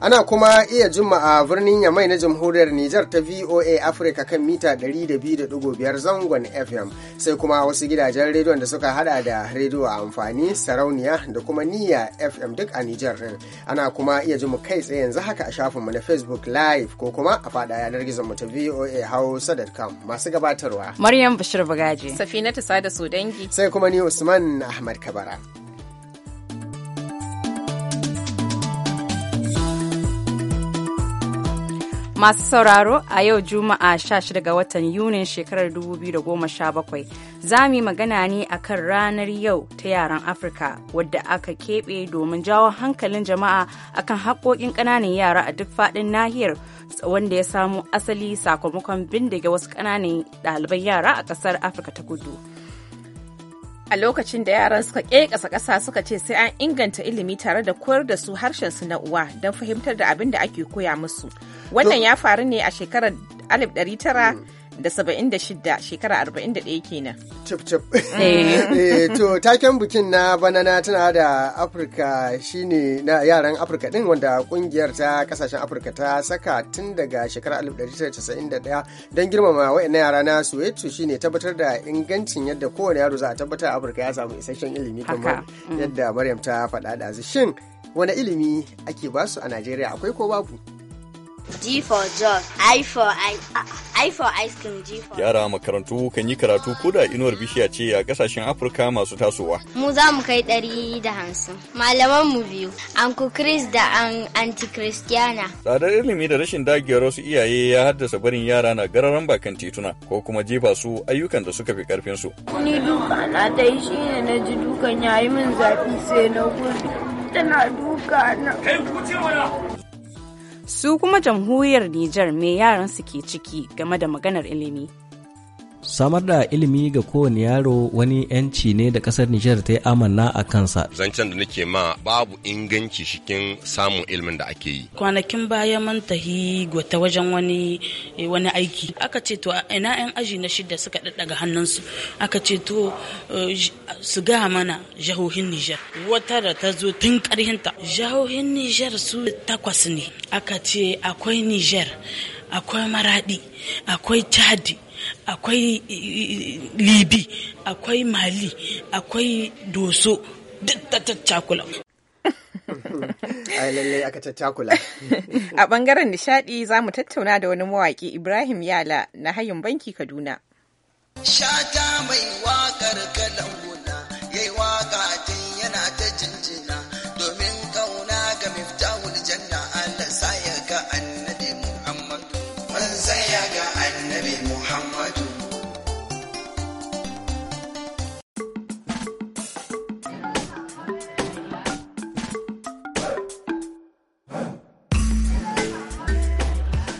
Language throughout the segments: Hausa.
Ana kuma iya jimma a birnin Yamai na Jamhuriyar Nijar ta VOA Africa kan mita 200.5 zangon FM sai kuma wasu gidajen rediyon da suka hada da rediyo a amfani sarauniya da kuma niyya FM duk a Nijar din. Ana kuma iya jimma kai tsaye yanzu haka a shafinmu na Facebook Live ko kuma a fada yanar gizon mu ta VOA Hausa.com masu gabatarwa. Maryam Bashir Bagaji. Safinata Sada Sudangi. Sai kuma ni Usman Ahmad Kabara. Masu sauraro a yau Juma'a 16 ga watan Yunin shekarar 2017 za mu yi magana ne akan ranar yau ta yaran Afirka wadda aka keɓe domin jawo hankalin jama'a akan haƙoƙin ƙananan yara a duk faɗin nahiyar wanda ya samo asali sakamakon bindiga wasu ƙananan ɗaliban yara a ƙasar Afirka ta kudu. a lokacin da yaran suka kekasa ƙasa suka ce sai an inganta ilimi tare da koyar da su harshen su na uwa don fahimtar da abin da ake koya musu. Wannan ya faru ne a shekarar 1900 da saba'in da shida shekara arba'in da ɗaya kenan. Cip cip. Eh. Eh, to taken bikin na bana na tana da Afirka shine na yaran Afirka din wanda ƙungiyar ta kasashen Afirka ta saka tun daga shekarar 1991 don girmama wa'annan yara na Soweto shine tabbatar da ingancin yadda kowane yaro za a tabbatar Afirka ya samu isasshen ilimi kamar mm. yadda Maryam ta faɗa da shin wani ilimi ake basu a Najeriya akwai ko babu? G for George, I for I, I for ice cream, G for. Yara makarantu kan yi karatu ko da inuwar bishiya ce a kasashen Afirka masu tasowa. Mu za mu kai ɗari da hamsin. Malaman mu biyu, Anku Chris da an Anti Christiana. Tsadar ilimi da rashin dagiyar wasu iyaye ya haddasa barin yara na gararan bakan tituna ko kuma jefa su ayyukan da suka fi karfin su. Ni duka na ta yi shine na ji dukan yayi min zafi sai na gudu. Tana duka na. Kai ku Su kuma jamhuriyar Nijar me yaran su ke ciki game da maganar ilimi. samar da ilimi ga kowane yaro wani yanci ne da kasar Nijar ta yi amanna a kansa. Zancen da nake ma babu inganci cikin samun ilimin da ake yi. Kwanakin baya mun tahi gwata wajen wani aiki. Aka ce to ina yan aji na shida suka daddaga hannunsu. Aka ce to eh, su ga mana jahohin Nijar. Wata da ta zo tun karhinta. Jahohin Nijar su takwas ne. Aka ce akwai Nijar, akwai Maradi, akwai Chadi, akwai libi akwai mali akwai doso duk ta ai tattakula a bangaren nishadi za mu tattauna da wani mawaki ibrahim yala na hayin banki kaduna shata mai wakar kalan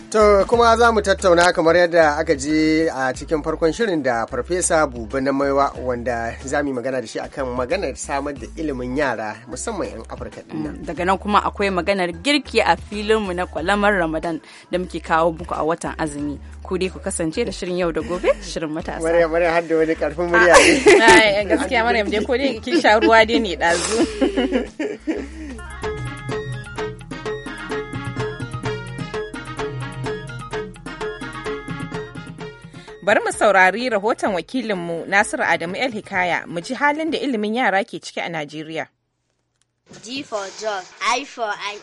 To kuma za mu tattauna kamar yadda aka je a cikin farkon shirin da Farfesa Buba na Maiwa wanda za mu magana da shi akan maganar samar da ilimin yara musamman 'yan Afirka nan. Mm, daga nan kuma akwai maganar girki a filinmu na kwalamar Ramadan da muke kawo buku a watan azumi. Ku dai ku kasance da shirin yau da gobe shirin matasa. Maryam Maryam har da wani karfin murya ne. Gaskiya Maryam dai ko dai kin sha ruwa dai ne ɗazu. Bari mu saurari rahoton wakilinmu Nasiru Adamu El Hikaya mu ji halin da ilimin yara ke ciki a Najeriya. G for job I for I.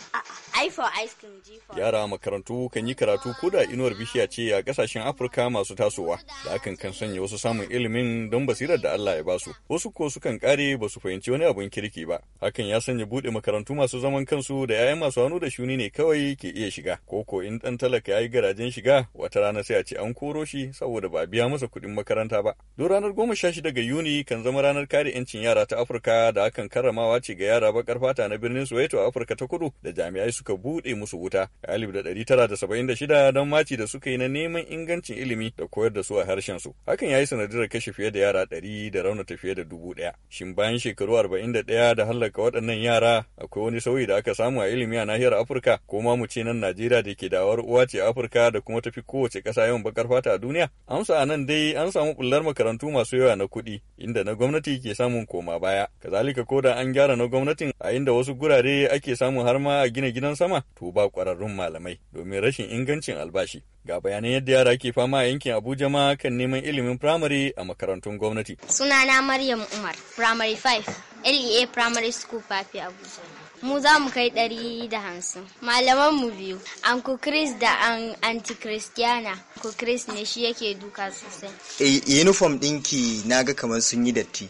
Yara makarantu kan yi karatu ko da inuwar bishiya ce a kasashen Afirka masu tasowa da hakan kan sanya wasu samun ilimin don basirar da Allah ya basu. Wasu ko sukan kare ba su fahimci wani abun kirki ba. Hakan ya sanya buɗe makarantu masu zaman kansu da 'ya'yan masu hannu da shuni ne kawai ke iya shiga. Ko ko in ɗan talaka ya yi garajen shiga wata rana sai a ce an koro shi saboda ba a biya masa kuɗin makaranta ba. Don ranar goma sha shida ga Yuni kan zama ranar kare 'yancin yara ta Afirka da hakan karramawa ce ga yara baƙar fata na birnin Soweto a Afirka ta Kudu da jami'ai su suka buɗe musu wuta a 1976 don maci da suka yi na neman ingancin ilimi da koyar da su a harshen su. Hakan ya yi sanadiyar kashe fiye da yara 100 da raunata fiye da dubu ɗaya. Shin bayan shekaru 41 da hallaka waɗannan yara akwai wani sauyi da aka samu a ilimi a nahiyar Afirka ko ma mu ce nan Najeriya da ke dawar uwa ce Afirka da kuma tafi kowace ƙasa yawan bakar fata a duniya? Amsa a nan dai an samu bullar makarantu masu yawa na kuɗi inda na gwamnati ke samun koma baya. Kazalika ko da an gyara na gwamnatin a inda wasu gurare ake samun har ma a gina gidan sama to ba ƙwararrun malamai domin rashin ingancin albashi. Ga bayanan yadda yara ke fama a yankin Abuja ma kan neman ilimin firamare a makarantun gwamnati. Sunana Maryam Umar, Primary 5, LEA Primary School Fafi Abuja. Mu za mu kai ɗari da hamsin. Malaman mu biyu, Anku Chris da an Anti Christiana. ku Chris ne shi yake duka sosai. E, uniform ɗinki naga kamar sun yi datti.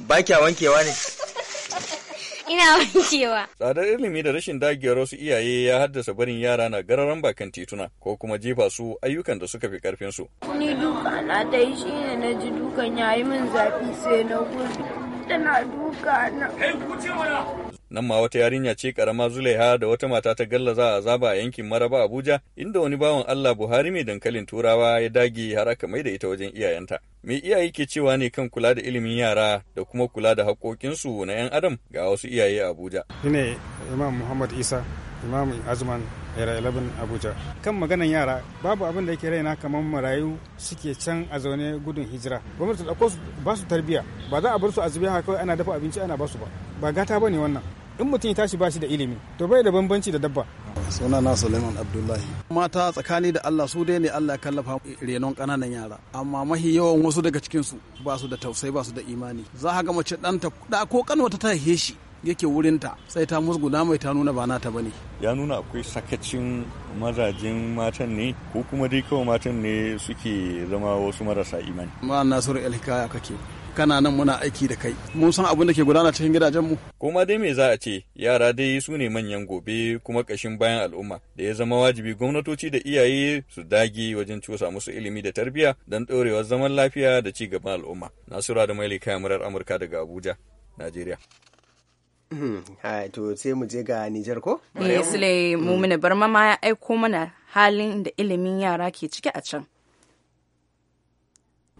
Ba kya wankewa ne? Ina cewa. Tsadar ilimi da rashin dagiyar wasu iyaye ya haddasa barin yara na gararan bakan tituna ko kuma jefa su ayyukan da suka fi karfin su. Ni duka na ta yi shi ne na ji dukan yayi min zafi sai na gudu. Tana duka na. Kai ku ce mana. nan ma wata yarinya ce karama zulaiha da wata mata ta gallaza a zaba a yankin maraba abuja inda wani bawan allah buhari mai dankalin turawa ya dage har aka mai da ita wajen iyayenta me iyaye ke cewa ne kan kula da ilimin yara da kuma kula da haƙoƙinsu na 'yan adam ga wasu iyaye a abuja shine imam muhammad isa imam azman Era 11 Abuja. Kan maganan yara babu abin da yake raina kamar marayu suke can a zaune gudun hijira. Gwamnati da su ba su tarbiya ba za a bar su a zube haka kawai ana dafa abinci ana ba su ba. Ba gata ba ne wannan. In mutum ya tashi ba shi da ilimi to bai da bambanci da dabba. suna na suleiman abdullahi mata tsakani da allah su dai ne allah ya kallafa renon kananan yara amma mahi yawan wasu daga cikinsu ba su da tausai ba su da imani za ka ga mace ɗanta kuɗa ko kanwata ta ta shi yake wurinta sai ta musguna mai ta nuna ba nata bane ya nuna akwai sakacin mazajen matan ne ko kuma dai kawai matan ne suke zama wasu marasa imani ma nasiru alhikaya kake kana nan muna aiki da kai mun san abin da ke gudana cikin gidajen gidajenmu kuma dai me za a ce yara dai su ne manyan gobe kuma kashin bayan al'umma da ya zama wajibi gwamnatoci da iyaye su dage wajen cusa musu ilimi da tarbiyya don ɗorewar zaman lafiya da ci gaban al'umma nasura da mai kaya murar amurka daga abuja najeriya to sai mu je ga Nijar ko? Eh, Sule mana mm. bar ma ya aiko mana halin da ilimin yara ke ciki a can.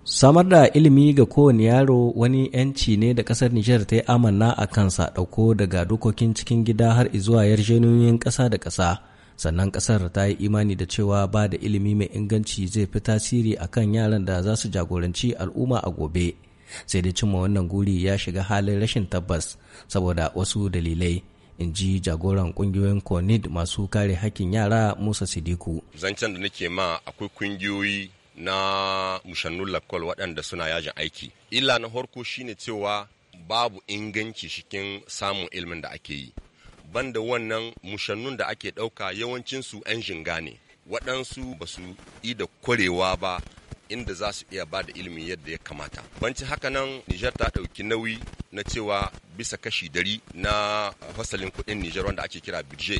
Samar da ilimi ga kowane yaro wani 'yanci ne da ƙasar Nijar ta yi amanna a kansa ɗauko daga dokokin cikin gida har zuwa yarjejeniyoyin ƙasa da ƙasa. Sannan ƙasar ta yi imani da cewa ba da ilimi mai inganci zai fi tasiri a kan yaran da za su jagoranci al'umma a gobe. sai da cimma wannan guri ya shiga halin rashin tabbas saboda wasu dalilai in ji jagoran kungiyoyin conid masu kare hakkin yara musa sidiku zancen da nake ma akwai kungiyoyi na mushannun lakwal waɗanda suna yajin aiki illa na harko shine cewa babu inganci cikin samun ilmin da ake yi banda wannan mushannun da ake ɗauka yawancinsu 'yan jinga ne waɗansu ba su yi da kwarewa ba inda za su iya ba da ilimin yadda ya kamata banci haka nan nijar ta ɗauki nauyi na cewa bisa kashi dari na fasalin kuɗin nijar wanda ake kira bidje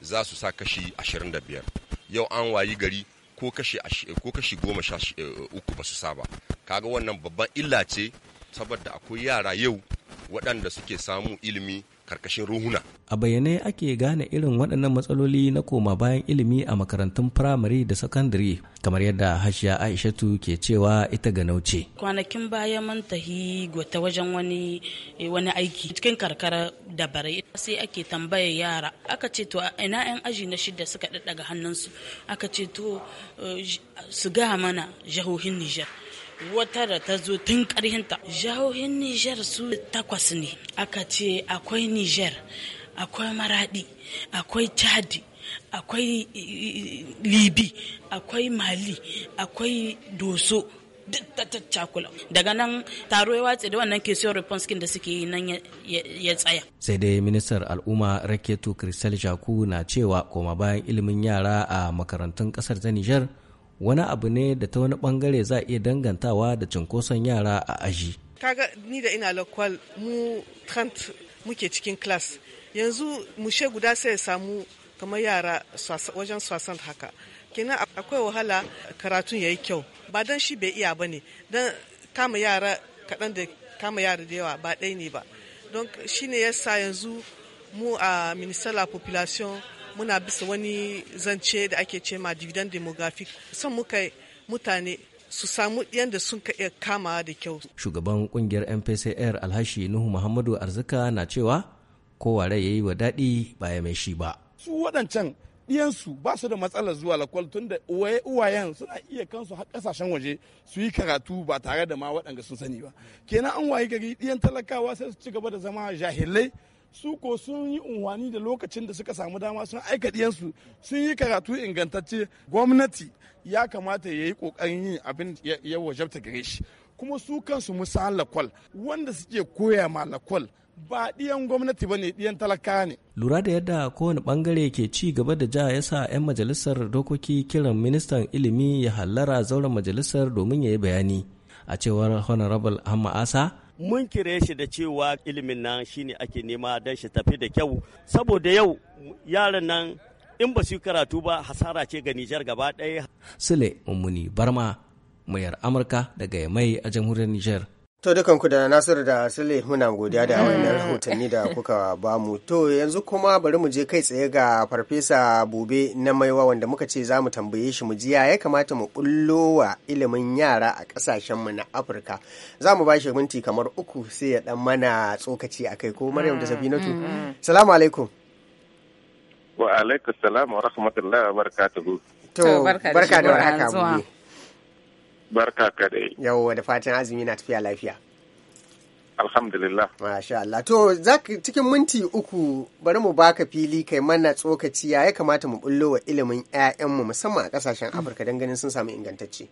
za su sa kashi 25 yau an wayi gari ko kashi ko kashi goma sha eh, uku ba su sa ba kaga wannan babban illa ce saboda akwai yara yau waɗanda suke samu ilimi karkashin ruhuna. A bayyane ake gane irin waɗannan matsaloli na koma bayan ilimi a makarantun firamare da sakandare kamar yadda Hashiya Aishatu ke cewa ita ga nauce Kwanakin baya mun tahi gwata wajen wani wani aiki cikin karkara da bare sai ake tambaya yara aka ce to ina yan aji na shida suka daddaga hannunsu aka ce to eh, su ga mana jahohin Nijar. wata da ta zo tun ƙarhinta jihohin Nijar su takwas ne aka ce akwai Nijar, akwai maradi akwai chadi akwai eh, libi akwai mali akwai doso duk ta daga nan taro ya watse da wannan kesiyon response da suke yi nan ya tsaya sai dai ministar al'umma raketu kristal jaku na cewa koma bayan ilimin yara a makarantun kasar ta nijar wani abu ne da ta wani bangare za a iya dangantawa da cunkoson yara a aji. kaga ni da ina lokwal mu kant muke cikin class yanzu mushe guda sai ya samu kamar yara wajen swasan haka kenan akwai wahala karatun ya yi kyau ba don shi bai iya ba ne don kama yara kaɗan da kama yara da yawa ba ɗai ne ba don shi ne ya sa yanzu mu a minisala population muna bisa wani zance da ake ce ma dividend demographic son muka mutane su samu yadda sun ka iya kama da kyau. Shugaban kungiyar MPCR Alhashi Nuhu Muhammadu Arzika na cewa kowa rai ya yi wa daɗi ba ya mai shi ba. Su waɗancan ɗiyansu ba su da matsalar zuwa lakwal tun da uwayen suna iya kansu har ƙasashen waje su yi karatu ba tare da ma waɗanda sun sani ba. Kenan an wayi gari ɗiyan talakawa sai su ci gaba da zama jahilai su ko sun yi unwani da lokacin da suka samu dama sun aika diyansu sun yi karatu ingantacce gwamnati ya kamata ya yi kokarin yin abin ya wajabta gare shi kuma su kansu musa lakwal wanda suke koya ma lakwal ba ɗiyan gwamnati ba ne ɗiyan talaka ne. Lura da yadda kowane bangare ke ci gaba da ja ya sa 'yan majalisar dokoki kiran ministan ilimi ya hallara zauren majalisar domin ya yi bayani. A cewar Honorable Hamma Asa, mun kire shi da cewa ilimin nan shine ake nema don shi tafi da kyau saboda yau yaran nan in ba su yi karatu ba hasara ce ga Nijar gaba ɗaya. Sule Mummuni Barma, mayar Amurka daga Yamai a jamhuriyar Nijar. To dukanku da Nasiru da Sule muna godiya da wannan rahotanni da kuka bamu. To yanzu kuma bari mu je kai tsaye ga Farfesa Bube na Maiwa wanda muka ce za mu tambaye shi mu ji ya kamata mu bullo wa ilimin yara a kasashen mu na Afirka. Za mu ba shi minti kamar uku sai ya dan mana tsokaci a kai, ko Maryam da mm, Safinatu. Mm, mm. Salamu alaikum. Wa alaikum salam wa rahmatullahi wa barakatuhu. To barka da warhaka. barka ka dai yawwa da fatan azumi na tafiya lafiya alhamdulillah masha Allah to cikin minti uku bari mu baka fili kai mana tsokaci ya ya kamata mu bullo wa ilimin 'ya'yanmu musamman a kasashen afirka don ganin sun samu ingantacce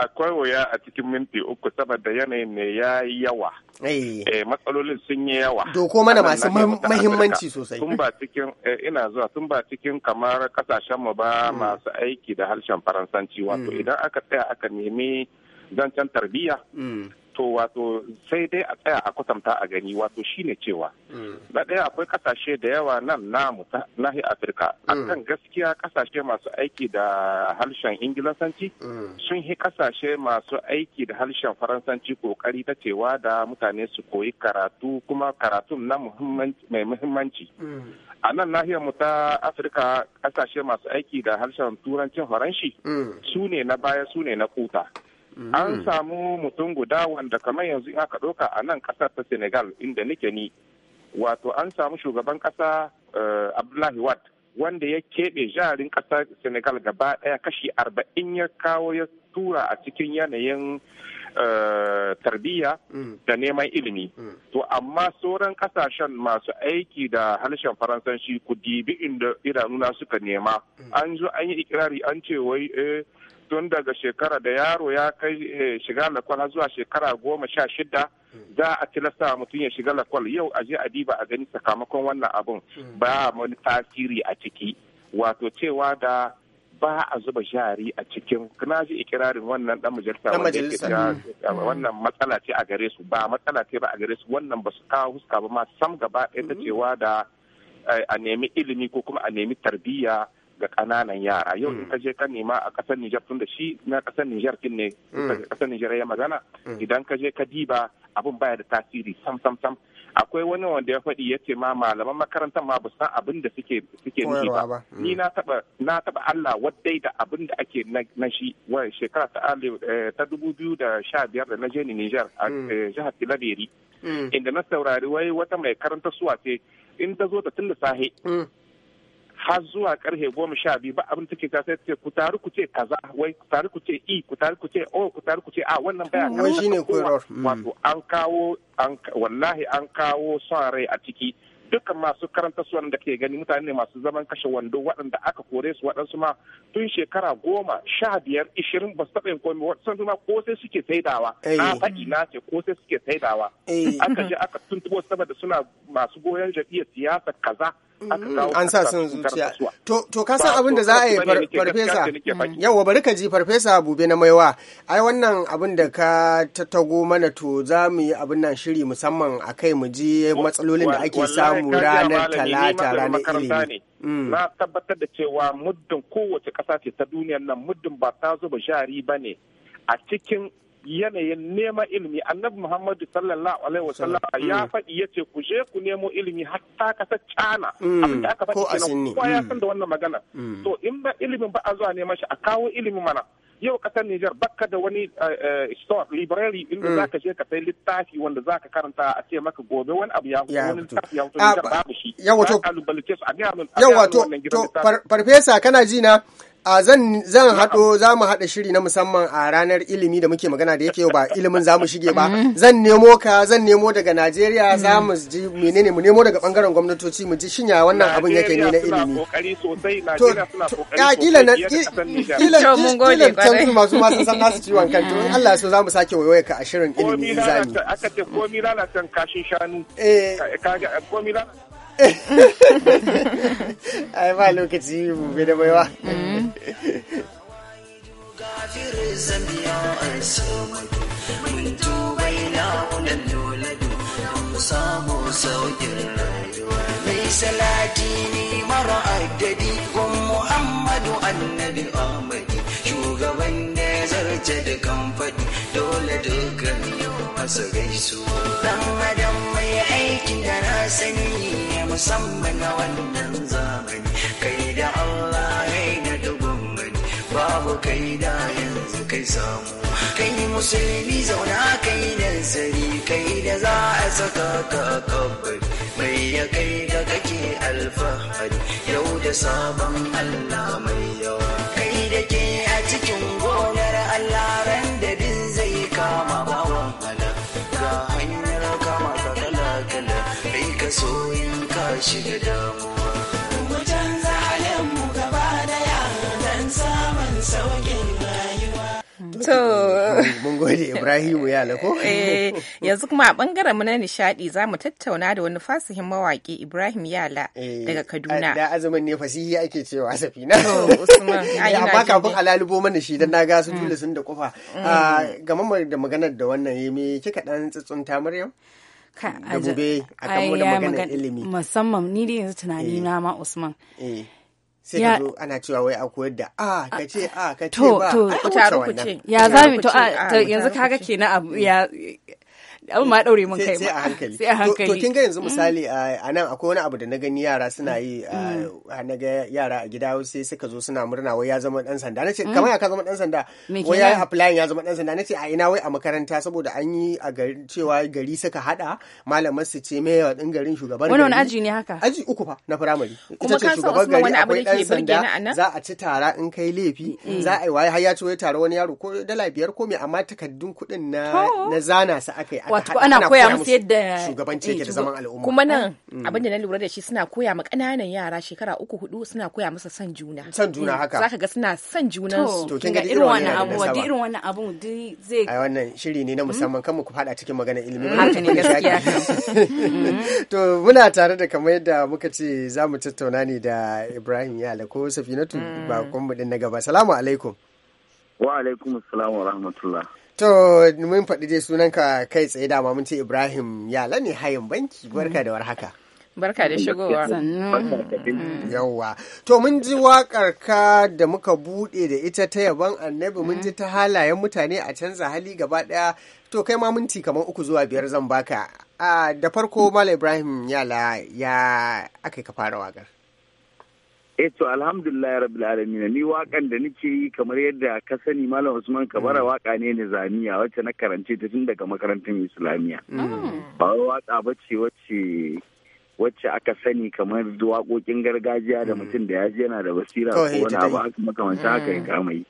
akwai wuya a cikin minti uku saboda yanayin ne ya yi yawa eh, eh matsalolin sun yi yawa doko mana masu mahimmanci sosai tun ba cikin eh, ina zuwa tun ba cikin kamar kasashen mu ba hmm. masu aiki da harshen faransanci wato hmm. idan aka tsaya aka nemi zancen tarbiyya hmm. to wato sai dai a tsaya a kwatanta a gani wato shine cewa mm. na ɗaya akwai kasashe da yawa nan namu nahi afirka mm. a kan gaskiya kasashe masu aiki da harshen ingilisanci mm. sun yi kasashe masu aiki da harshen faransanci kokari ta cewa da mutane su koyi karatu kuma karatun na mai muhimmanci a nan nahiyar mu ta afirka kasashe masu aiki da harshen turancin faranshi su ne na baya su ne na kuta an mm. samu mutum guda wanda kamar yanzu in aka ɗauka a nan ƙasar ta senegal inda nake ni wato an samu shugaban ƙasa eh, abdullahi wat wanda ya keɓe jarin ƙasar senegal gaba ɗaya kashi arba'in ya kawo ya tura a cikin yanayin Eh, tarbiyya mm. da neman ilimi mm. to amma sauran kasashen masu aiki da harshen faransanci ku dibi inda idanuna suka nema mm. an zo an yi ikirari an ce wai eh, tun daga shekara da yaro ya kai eh, shiga lakwal zuwa shekara goma sha shida za a tilasta mutum ya shiga lakwal yau a je a diba a gani sakamakon wannan abin. ba mani tasiri a ciki wato cewa da ba a zuba shari a cikin na ji ikirarin wannan dan majalisa wannan matsala ce a gare su ba matsala ce ba a gare su wannan ba su kawo huska ba ma sam gaba ɗaya ta cewa da eh, a nemi ilimi ko kuma a nemi tarbiyya ga ƙananan yara yau in mm. ka je ka nema a kasar Nijar tun da shi na kasar Nijar din ne kasar mm. Nijar ya magana mm. idan ka je ka diba abun baya da tasiri sam sam sam akwai wani wanda ya faɗi ya ce ma malaman makarantar ma ba san abin da suke suke nufi ba ni mm. na taba na taba Allah wadai da abin da ake na shi wa shekara ta eh, ta dubu biyu da sha biyar da na je ni Niger a mm. eh, jihar Tilaberi mm. inda na saurari wai wata mai karanta suwa ce in ta zo ta tun da har zuwa karfe goma sha biyu ba abin take ta sai ce ku taru ku ce kaza wai ku taru ku ce i e, ku taru ku ce o ku taru ku ce a wannan baya kan mm, shine koyarwar mm. wato an kawo an wallahi an kawo son rai a ciki dukkan masu karanta su wanda ke gani mutane ne masu zaman kashe wando waɗanda aka kore su waɗansu ma tun shekara goma sha biyar ishirin ba su taɓa yin komai waɗansu ma ko sai suke saidawa na faɗi na ce ko sai suke saidawa aka je aka tuntubo saboda suna masu goyon jam'iyyar siyasa kaza Mm-hmm. an sa son zuciya to ka san abin da za a yi farfesa yawa mm. bari ka ji farfesa bube na maiwa ai wannan abin da ka tattago mana to za mu yi abin nan shiri musamman a kai mu ji matsalolin da ake samu ranar talata ranar ilimi mm. na tabbatar da cewa muddin kowace ƙasa ce ta duniyar nan muddin ba ta zuba shari ba ne a cikin yanayin neman ilimi annabi muhammadu sallallahu alaihi wasallam ya mm. faɗi ya ce ku je ku nemo ilimi hatta ka ta cana mm. abin da aka faɗi kenan kowa ya mm. san da wannan magana to in ba ilimin ba a zuwa neman shi a kawo ilimi mana yau kasar Nijar baka da wani eh, eh, store library inda zaka je ka sai littafi wanda zaka karanta a ce maka gobe wani abu ya wani littafi ya ah, Nijar babu shi yawa to yawa to farfesa kana ji na a zan zan haɗo za mu haɗa shiri na musamman a ranar ilimi da muke magana da yake yau ba ilimin za mu shige ba mm-hmm. zan nemo ka zan nemo daga najeriya mm-hmm. za mu ji menene mu nemo daga bangaren gwamnatoci mu ji shinya wannan abin yake ne na ilimi to ya kila na kila kila can masu ma san nasu ciwon kan to mm-hmm. Allah so za mu sake wayoyi ka a shirin ilimi zani aka ce komi lalacin kashin shanu eh kaga komi lalacin ai ba lokaci bube da baiwa samu saukin dole masa gaisuwa ɗan adam aikin da na sani musamman na wannan zamani kai da Allah kai na dubin babu kai da yanzu kai samu kai musulmi zauna kai sari kai da za a saka ka kabari mai ya kai da kake alfahari yau da sabon Allah mai yawa kai da ke a cikin gonar Allah ran shi da damuwa mu canza halinmu gaba da yaran samun sauƙin to mun gode ibrahimu ya lako eh, yanzu kuma a bangaren mu na nishadi za mu tattauna da wani fasihin mawaƙi ibrahim yala eh, daga kaduna da azumin ne fasihi ake cewa safina baka kafin alalubo mana shi dan ga su mm. tula sun da kufa mm. ah, game da maganar da wannan me kika dan tsitsunta maryam da bube a kan da maganar ilimi musamman ni dai yanzu tunani eh. na ma Usman eh. sai ka zo ana cewa wai a koyar da ah, a ah, ka ce a ka ce ba to to ya zami to yanzu ah, kaga kenan abu eh. ya abin ma daure mun kai sai a hankali sai a hankali to kin ga yanzu mm. misali a nan akwai wani abu da na gani yara suna mm. yi mm. na ga yara a gida sai suka zo suna murna wai ya zama dan sanda nace kamar ya ka zama dan sanda wai ya apply ya zama dan sanda nace a ina wai a makaranta saboda an yi a gari cewa gari suka hada malaman su ce me wa din garin shugaban gari wani aji ne haka aji uku fa na firamare ita ce shugaban gari akwai dan sanda za a ci tara in kai laifi za a yi wai har ya ci wai tara wani yaro ko dala biyar ko me amma takaddun kuɗin na na zana su aka yi wato ana koya musu yadda shugabanci yake eh, da zaman al'umma kuma nan mm. Mm. abin da na lura da shi suna koya ma kananan yara shekara uku hudu suna koya musu san juna san juna mm. haka zaka ga suna san juna to kin ga irin wannan abu duk irin wannan abu duk zai ai wannan shiri ne na hmm? musamman kan mu ku fada cikin magana ilimi hmm, haka ne gaskiya hmm. to muna tare da kamar yadda muka ce za mu tattauna ne da Ibrahim Yala ko Safinatu ba kun mu din na gaba salamu alaikum wa alaikum assalam wa rahmatullah To, mun faɗi dai sunanka kai tsaye da mun ce Ibrahim Yala ne hayin banki, barka da warhaka. Barka da shigowa. Yawwa. Mm. To, mun ji waƙar ka da muka buɗe da ita ta yaban annabi mun ji ta mm. halayen mutane a canza hali gaba ɗaya. To, kai ma minti kamar uku zuwa biyar zan baka. Ah, da farko, Malam Ibrahim Yala ya aka ka fara waƙar. e to alhamdulillah rabbil alamin ni wakan da nake yi kamar yadda ka sani malam usman kabara mm. waka ne nizamiya wacce na karance ta tun daga makarantar islamiya mm. oh. ba waka bace wacce wacce aka sani kamar waƙoƙin gargajiya da mm. mutum da ya ji yana da basira ko wani abu haka makamanta haka ya kama yi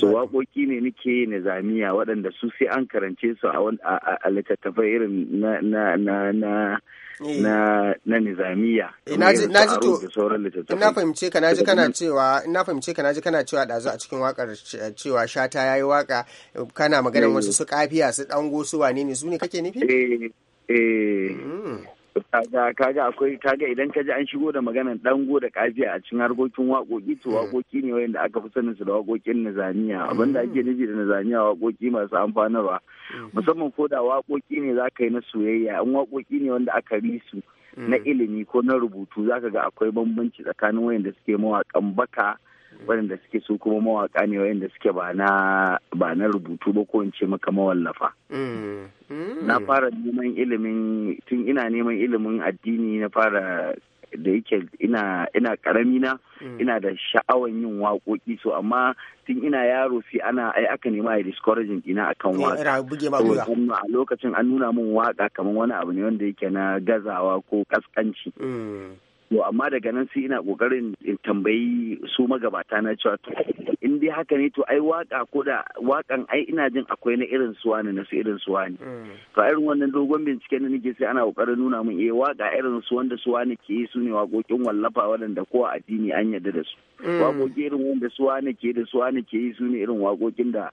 so waƙoƙi ne nake yi nizamiya waɗanda su sai an karance su a littattafai irin na na na na na nizamiya ina eh, ji to ina fahimce ka naji kana cewa ina kana cewa dazu a cikin wakar cewa shata yayi waka kana maganar eh. wasu su kafiya su dango su wane ne su ne kake nufi eh, mm. kaga akwai kaga idan kaji an shigo da maganar dango da kafiya a cikin harkokin wakoki to hmm. wakoki ne wanda aka fi sanin su da wakokin nizamiya abinda ake hmm. nufi da nizamiya wakoki masu amfanarwa hmm. musamman ko da wakoki ne za ka yi na soyayya an wakoki ne wanda aka bi su na ilimi ko na rubutu za ga akwai bambanci tsakanin wayanda suke mawakan baka waɗanda suke su kuma mawaka ne waɗanda suke ba na rubutu ba ko in ce maka mawallafa mm-hmm. na fara neman ilimin tun ina neman ilimin addini na fara da yake ina ina karami na mm. ina da sha'awan yin waƙoƙi so amma tun ina yaro sai ana ai aka nema a discouraging ina akan eh, waƙa. a lokacin an nuna min waƙa kamar wani abu ne wanda yake na gazawa ko kaskanci mm. to amma daga nan sai ina kokarin in tambayi su magabata na cewa to in dai haka ne to ai waka ko da wakan ai ina jin akwai na irin suwa ne na su irin suwa ne mm. to irin wannan dogon binciken da nake sai ana kokarin nuna mun. eh waka irin su wanda suwa ne ke yi su ne wakokin wallafa waɗanda ko addini an yarda da su mm. wakokin irin wanda suwa ne ke da suwa ne ke yi su ne irin wakokin da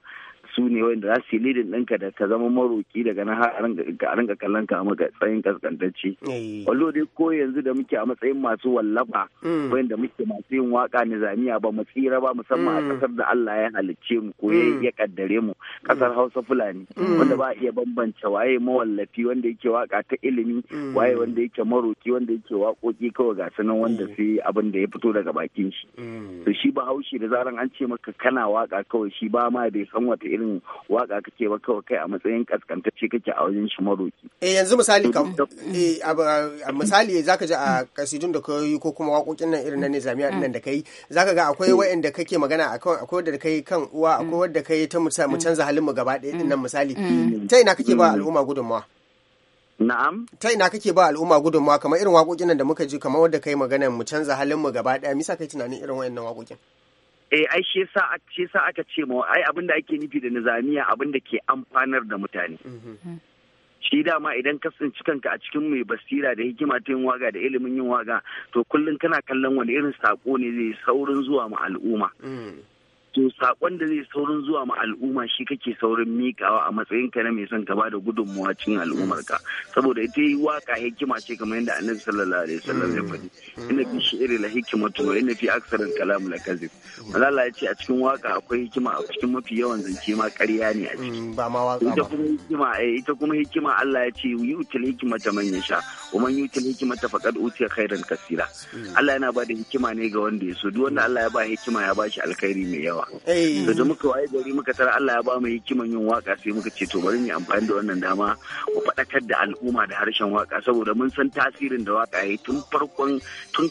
su ne wanda za su yi lidin ɗinka da ka zama maroki daga na har a kallon ka a matsayin kaskantacce. Eh. Wallo dai ko yanzu da muke a matsayin masu wallafa wanda mm. muke masu yin waka nizamiya ba mu tsira ba musamman a mm. ƙasar da Allah ya halicce mu ko ya kaddare mm. mu ƙasar Hausa Fulani wanda ba a iya bambance waye mawallafi wanda yake waka ta ilimi waye wanda yake maroki wanda yake wakoki kawai ga sanan wanda sai abin da ya fito daga bakin shi. To shi ba haushi da zaran an ce maka kana waka kawai shi ba ma bai san wata irin irin waka kake ba kawai kai a matsayin kaskantacce kake a wajen shi maroki eh yanzu misali kam eh misali zaka ji a kasidun da ka yi ko kuma wakokin nan irin na nizamiya din nan da kai zaka ga akwai waɗanda kake magana akan akwai wanda kai kan uwa akwai wanda kai ta mu canza halin mu gaba ɗaya din nan misali mm. ta ina kake ba mm. al'umma gudunmawa Na'am. Ta ina kake ba al'umma gudunmawa kamar irin wakokin nan da muka ji kamar wadda kai magana mu canza halin mu gaba ɗaya misa kai tunanin irin waɗannan wakokin. eh ai shi yasa shi yasa aka ce mu ai abin da ake nufi da nizamiya abin da ke amfanar da mutane mm-hmm. shi dama idan ka tsinci kanka a cikin mai basira da hikima ta yin waga da ilimin yin waga to kullum kana kallon wani irin sako ne zai saurin zuwa ma al'umma mm. to sakon da zai saurin zuwa ma al'umma shi kake saurin mikawa a matsayin ka na mai son ka bada gudunmuwa cikin ka saboda ita yi waka hikima ce kamar yadda annabi sallallahu alaihi wasallam ya faɗi mm. inna fi shi'ri la hikmatu wa inna fi aksarin kalam la kazib malala ya a cikin waka akwai hikima a cikin mafi yawan zance ma ƙarya ne a ciki mm, ba ma waka ita kuma hikima eh, ita kuma hikima Allah ya ce yutil hikmata man yasha wa man yutil hikmata faqad utiya khairan kasira mm. Allah yana ba da hikima ne ga wanda ya so duk wanda Allah ya ba hikima ya ba shi alkhairi mai yawa yawa Da da muka waye gari muka tara Allah ya ba mu hikiman yin waka sai muka ce to bari mu amfani da wannan dama mu faɗakar da al'umma da harshen waka saboda mun san tasirin da waka yayi tun farkon tun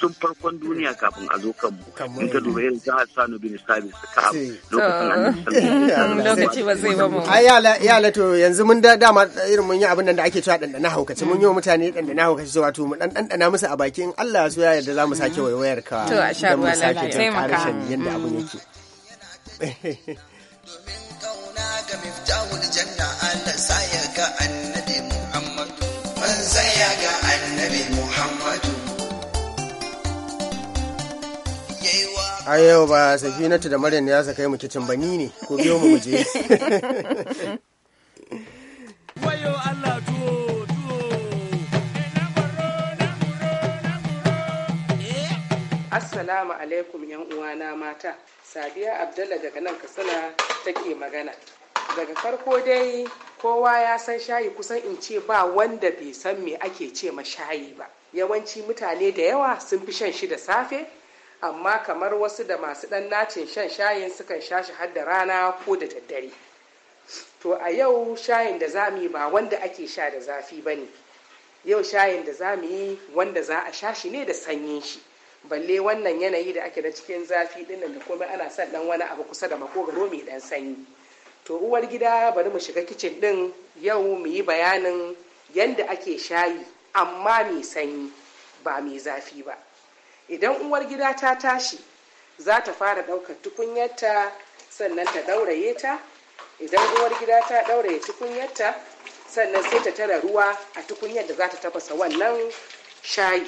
tun farkon duniya kafin a zo mu. in ka duba irin ta sanu bin Sabis ka lokacin ah. lokaci ba zai ba mu ai yala to yanzu mun da dama irin mun yi abin da ake cewa dandana haukaci mun yi wa mutane na haukaci cewa to mu dan dana musu a bakin Allah so ya yarda za mu sake wayar ka to a sha ruwa lafiya sai mu ka yanda abun yake domin ga janna Allah sa ya ga yau ba safinatu da maryam ya saka mu kicin bani ne ko biyo mu je eh, eh. Assalamu alaikum yan uwana mata. Sadiya Abdalla daga nan Katsina take magana. Daga farko dai kowa ya san shayi kusan in ce ba wanda bai san me ake ce ma shayi ba. Yawanci mutane da yawa sun fi shan shi da safe, amma kamar wasu da masu dan nacin shan shayin sukan sha shi har da rana ko da daddare. To a yau shayin da za yi ba wanda ake sha da zafi ba ne. Yau shayin da za yi wanda za a sha shi ne da sanyin shi. balle wannan yanayi da ake da cikin zafi dinnan da komai ana son dan wani abu kusa da makogaro mai dan sanyi to uwar gida bari mu shiga kicin din yau mu yi bayanin yanda ake shayi amma mai sanyi ba mai zafi ba idan uwar gida ta tashi za ta fara ɗaukar tukunyarta sannan ta ɗauraye ta idan uwar gida ta ɗauraye tukunyarta sannan sai ta tara ruwa a tukunyar da za ta tafasa wannan shayi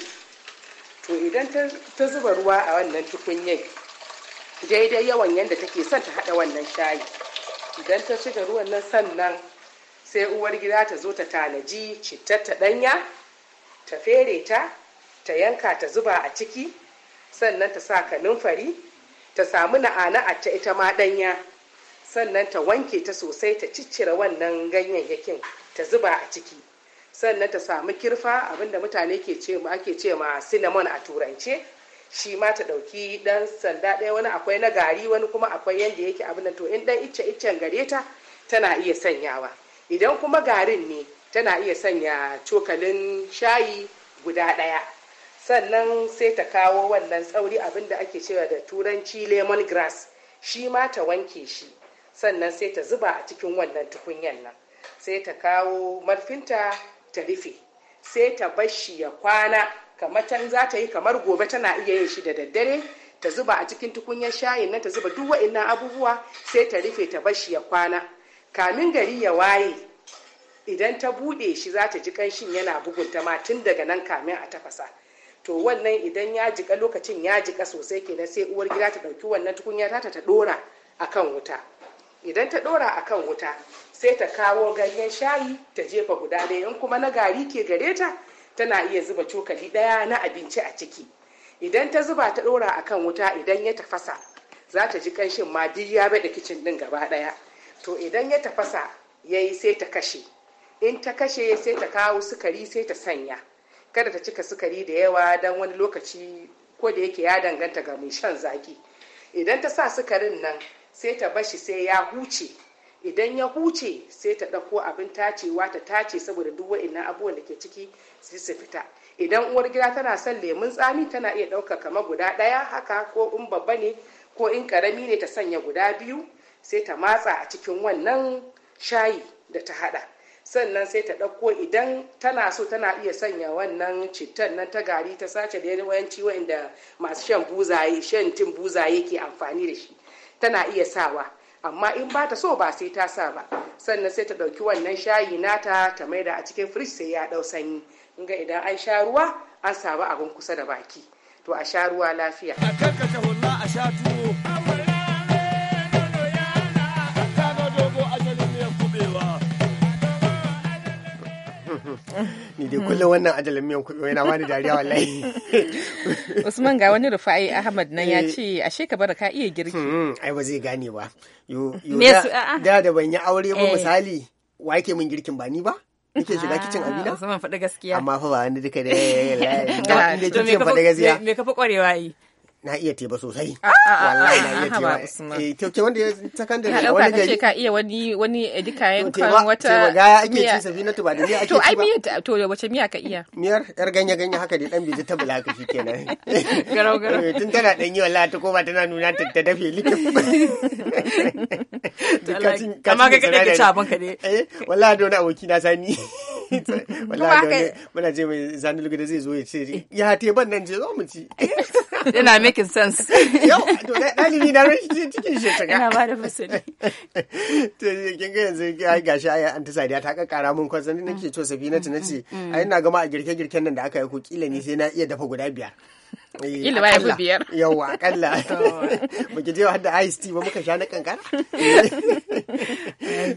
to idan ta zuba ruwa a wannan tukunyar daidai yawan yadda take son ta haɗa wannan shayi idan ta shiga ruwan nan sannan sai uwar gida ta zo ta tanaji citta ta ɗanya ta fere ta ta yanka ta zuba a ciki sannan ta sa kanunfari ta samu na'ana ta ita ma ɗanya sannan ta wanke ta sosai ta ciccire wannan ganyayyakin ta zuba a ciki sannan ta samu kirfa abinda mutane ke ce ake ce ma cinnamon a turance shi ma ta ɗauki ɗan sanda ɗaya wani akwai na gari wani kuma akwai yadda yake abin to in ɗan icce iccen gare ta tana iya sanyawa idan kuma garin ne tana iya sanya cokalin shayi guda ɗaya sannan sai ta kawo wannan tsauri abinda ake cewa da turanci lemon grass shi ma ta wanke shi sannan sai ta zuba a cikin wannan tukunyan nan sai ta kawo marfinta ta rufe sai ta bashi ya kwana kamar za ta yi kamar gobe tana iya yin shi da daddare ta zuba a cikin tukunyar shayin nan ta zuba duk wa'innan abubuwa sai ta rufe ta bar ya kwana kamin gari ya waye idan ta bude shi za ta ji kanshin yana bugunta ma tun daga nan kamin a tafasa to wannan idan ya jika lokacin ya jika sosai kenan sai uwar gida ta ɗauki wannan tukunya ta ta dora akan wuta idan ta dora akan wuta sai ta kawo ganyen shayi ta jefa guda ɗaya in kuma na gari ke gare ta tana iya zuba cokali ɗaya na abinci a ciki idan ta zuba ta ɗora kan wuta idan ya tafasa za ta ji kanshin ma duk ya bada kicin ɗin gaba ɗaya to idan ya tafasa ya yi sai ta kashe in ta kashe sai ta kawo sukari sai ta sanya kada ta cika sukari da yawa don wani lokaci ko da yake ya danganta ga mai shan zaki idan ta sa sukarin nan sai ta bashi sai ya huce idan ya huce sai ta ɗauko abin tacewa ta tace saboda duk wa'innan abubuwan da ke ciki sai su fita idan uwar gida tana son lemun tsami tana iya ɗauka kama guda ɗaya haka ko in babba ne ko in ƙarami ne ta sanya guda biyu sai ta matsa a cikin wannan shayi da ta haɗa sannan sai ta ɗauko idan tana so tana iya sanya wannan cittan nan ta gari ta sace da yawanci wa'inda masu shan buzaye shan tin buzaye ke amfani da shi tana iya sawa amma in ba ta so ba sai ta sa ba sannan sai ta ɗauki wannan shayi nata ta da a cikin firij sai ya ɗau sanyi ga idan an sha ruwa an samu abin kusa da baki to a sha ruwa lafiya a a sha tuwo ni dai kullum wannan ajalin miyan kuɗi yana bani dariya wallahi Usman ga wani rufa'i Ahmad nan ya ce eh. a ka bara ka iya girki hmm, hmm, ai ba zai gane ba yo da da ban yi aure ba eh. misali wa yake min girkin ba ni ba Nike shiga kicin abina? Ah, Usman faɗi gaskiya. Amma fa ba wani duka da ya yi layi. ne ka fi ƙwarewa yi? na iya teba sosai ah, ah, ah, wallahi na iya teba eh ke wanda ya da wani gari ka iya wani wani edikayen kan wata teba ya ake ci safina to ba da ni ake ci ba to ai miya to wace miya ka iya miyar yar ganye ganye haka dai dan biji ta bulaka kenan. garau garau eh, tun tana dan yi wallahi ta koma tana nuna ta ta dafe likin amma ga kada ke ci abin ka ne eh, wallahi don aboki na sani wallahi don muna je mai zani lugu da zai zo ya ce ya teban nan je zo mu ci yana making sense yau to ɗalibi na rashin cikin shi shiga ina ba da masani to kin ga yanzu ai gashi ai an ta sadiya ta kakkara mun nake to safi na tunaci mm, mm, mm. ai ina gama a girke-girken nan da aka yi ko kila ne sai na iya dafa guda biyar Kila eh, ba fi biyar. Yawwa kalla Ba ki je da ice tea ba muka sha na kankara.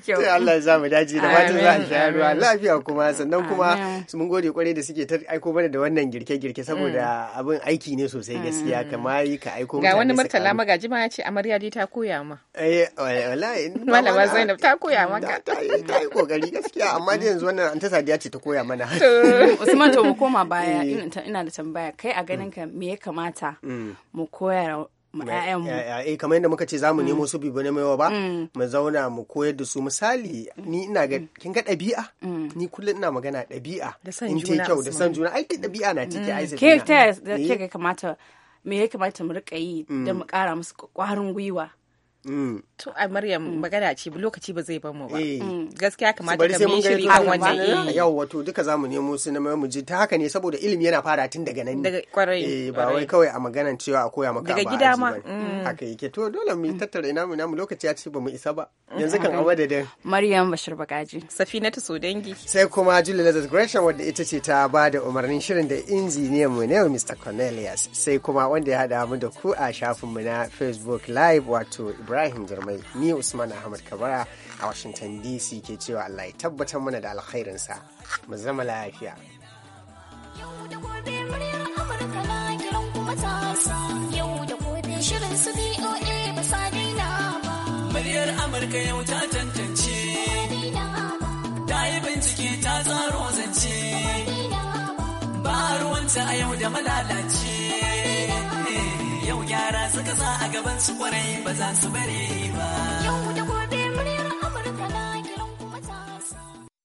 Sai eh, Allah ya sa mu daji da fatan za a sha ruwa lafiya kuma sannan kuma mun gode kwarai da suke ta aiko mana da wannan girke-girke saboda mm. abin aiki ne sosai gaskiya mm. kama yi ka aiko ga wani martala gaji ma ya ce amarya dai ta koya ma. Eh wallahi malama Zainab ta koya maka. Ta yi kokari gaskiya amma dai yanzu wannan an ta sadiya ce ta koya mana. Usman to mu koma baya eh. ina da tambaya kai a ganin ka me me ya kamata mm. mu koya mu eh, eh, eh, kamar yadda muka ce zamu mm. nemo su bi na maiwa ba mm. mu zauna mu koyar da su misali ni ina ga kin ga ɗabi'a ni kullum ina magana ɗabi'a in te kyau da san juna aiki ɗabi'a na take aiki ke ta da ke kamata me ya kamata mu rika yi da mu kara musu kwarin gwiwa to a maryam mm. magana ce lokaci ba zai bamu ba eh. mm. gaskiya kamata ka mun shiri kan wannan yau wato duka zamu nemo su na mu ji ta haka ne saboda ilimi yana fara tun daga nan daga kwarai eh, ba wai kawai a maganan cewa a koya maka daga gida ma mm. haka yake to dole mu tattara ina mu mu lokaci ya ce bamu isa ba yanzu kan da dan. maryam bashir bakaji ta sodangi sai kuma julie lazarus gresham wadda ita ce ta ba da umarnin shirin da injiniyan mu ne mr cornelius sai kuma wanda ya hada mu da ku a shafinmu na facebook live wato ibrahim Ibrahim jarmai ni Usman Ahmad Kabara a Washington DC ke cewa Allah ya tabbatar mana da alkhairinsa mu zama lafiya. Yau da gobe muryar Amurka na kiran da gobe shirin su ba ba. Muryar Amurka yau ta tantance. Ta yi bincike ta tsaro zance. Ba ruwanta a yau da malalace. Yau gyara suka sa a gaban su kwarai ba za su bare ba. Yau da gobe murya.